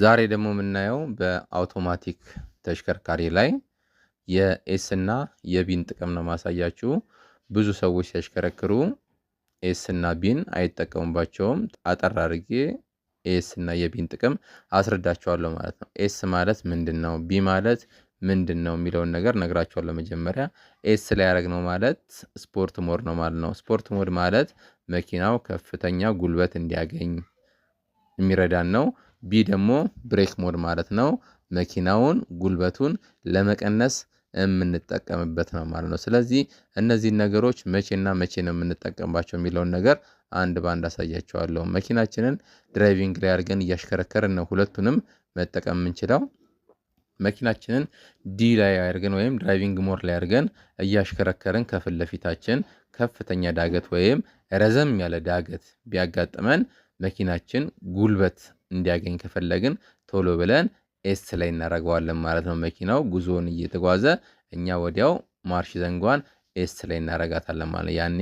ዛሬ ደግሞ የምናየው በአውቶማቲክ ተሽከርካሪ ላይ የኤስ እና የቢን ጥቅም ነው ማሳያችሁ። ብዙ ሰዎች ሲያሽከረክሩ ኤስ እና ቢን አይጠቀሙባቸውም። አጠር አድርጌ ኤስ እና የቢን ጥቅም አስረዳቸዋለሁ ማለት ነው። ኤስ ማለት ምንድን ነው፣ ቢ ማለት ምንድን ነው የሚለውን ነገር ነግራቸዋለሁ። መጀመሪያ ኤስ ላይ ያደረግ ነው ማለት ስፖርት ሞድ ነው ማለት ነው። ስፖርት ሞድ ማለት መኪናው ከፍተኛ ጉልበት እንዲያገኝ የሚረዳን ነው። ቢ ደግሞ ብሬክ ሞድ ማለት ነው። መኪናውን ጉልበቱን ለመቀነስ የምንጠቀምበት ነው ማለት ነው። ስለዚህ እነዚህን ነገሮች መቼና መቼ ነው የምንጠቀምባቸው የሚለውን ነገር አንድ በአንድ አሳያቸዋለሁ። መኪናችንን ድራይቪንግ ላይ አድርገን እያሽከረከርን ነው ሁለቱንም መጠቀም የምንችለው። መኪናችንን ዲ ላይ አድርገን ወይም ድራይቪንግ ሞድ ላይ አድርገን እያሽከረከርን ከፊት ለፊታችን ከፍተኛ ዳገት ወይም ረዘም ያለ ዳገት ቢያጋጥመን መኪናችን ጉልበት እንዲያገኝ ከፈለግን ቶሎ ብለን ኤስ ላይ እናደርገዋለን ማለት ነው። መኪናው ጉዞውን እየተጓዘ እኛ ወዲያው ማርሽ ዘንጓን ኤስ ላይ እናደርጋታለን ማለት ነው። ያኔ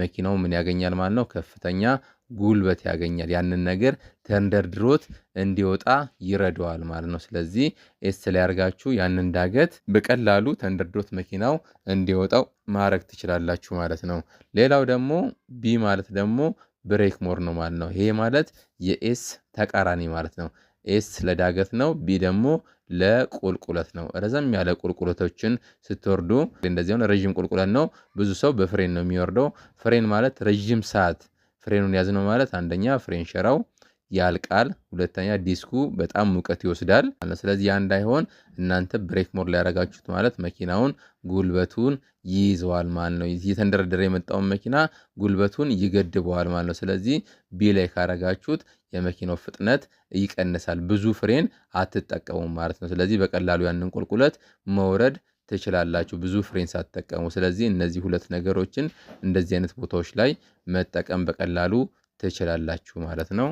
መኪናው ምን ያገኛል ማለት ነው? ከፍተኛ ጉልበት ያገኛል። ያንን ነገር ተንደርድሮት እንዲወጣ ይረዳዋል ማለት ነው። ስለዚህ ኤስ ላይ ያርጋችሁ ያንን ዳገት በቀላሉ ተንደርድሮት መኪናው እንዲወጣው ማድረግ ትችላላችሁ ማለት ነው። ሌላው ደግሞ ቢ ማለት ደግሞ ብሬክ ሞር ነው ማለት ነው። ይሄ ማለት የኤስ ተቃራኒ ማለት ነው። ኤስ ለዳገት ነው፣ ቢ ደግሞ ለቁልቁለት ነው። ረዘም ያለ ቁልቁለቶችን ስትወርዱ እንደዚሁ ረዥም ቁልቁለት ነው። ብዙ ሰው በፍሬን ነው የሚወርደው። ፍሬን ማለት ረዥም ሰዓት ፍሬኑን ያዝነው ማለት አንደኛ ፍሬን ሸራው ያልቃል። ሁለተኛ ዲስኩ በጣም ሙቀት ይወስዳል። ስለዚህ ያ እንዳይሆን እናንተ ብሬክ ሞድ ላይ ያደረጋችሁት ማለት መኪናውን ጉልበቱን ይይዘዋል ማለት ነው። እየተንደረደረ የመጣውን መኪና ጉልበቱን ይገድበዋል ማለት ነው። ስለዚህ ቢ ላይ ካረጋችሁት የመኪናው ፍጥነት ይቀንሳል፣ ብዙ ፍሬን አትጠቀሙም ማለት ነው። ስለዚህ በቀላሉ ያንን ቁልቁለት መውረድ ትችላላችሁ ብዙ ፍሬን ሳትጠቀሙ። ስለዚህ እነዚህ ሁለት ነገሮችን እንደዚህ አይነት ቦታዎች ላይ መጠቀም በቀላሉ ትችላላችሁ ማለት ነው።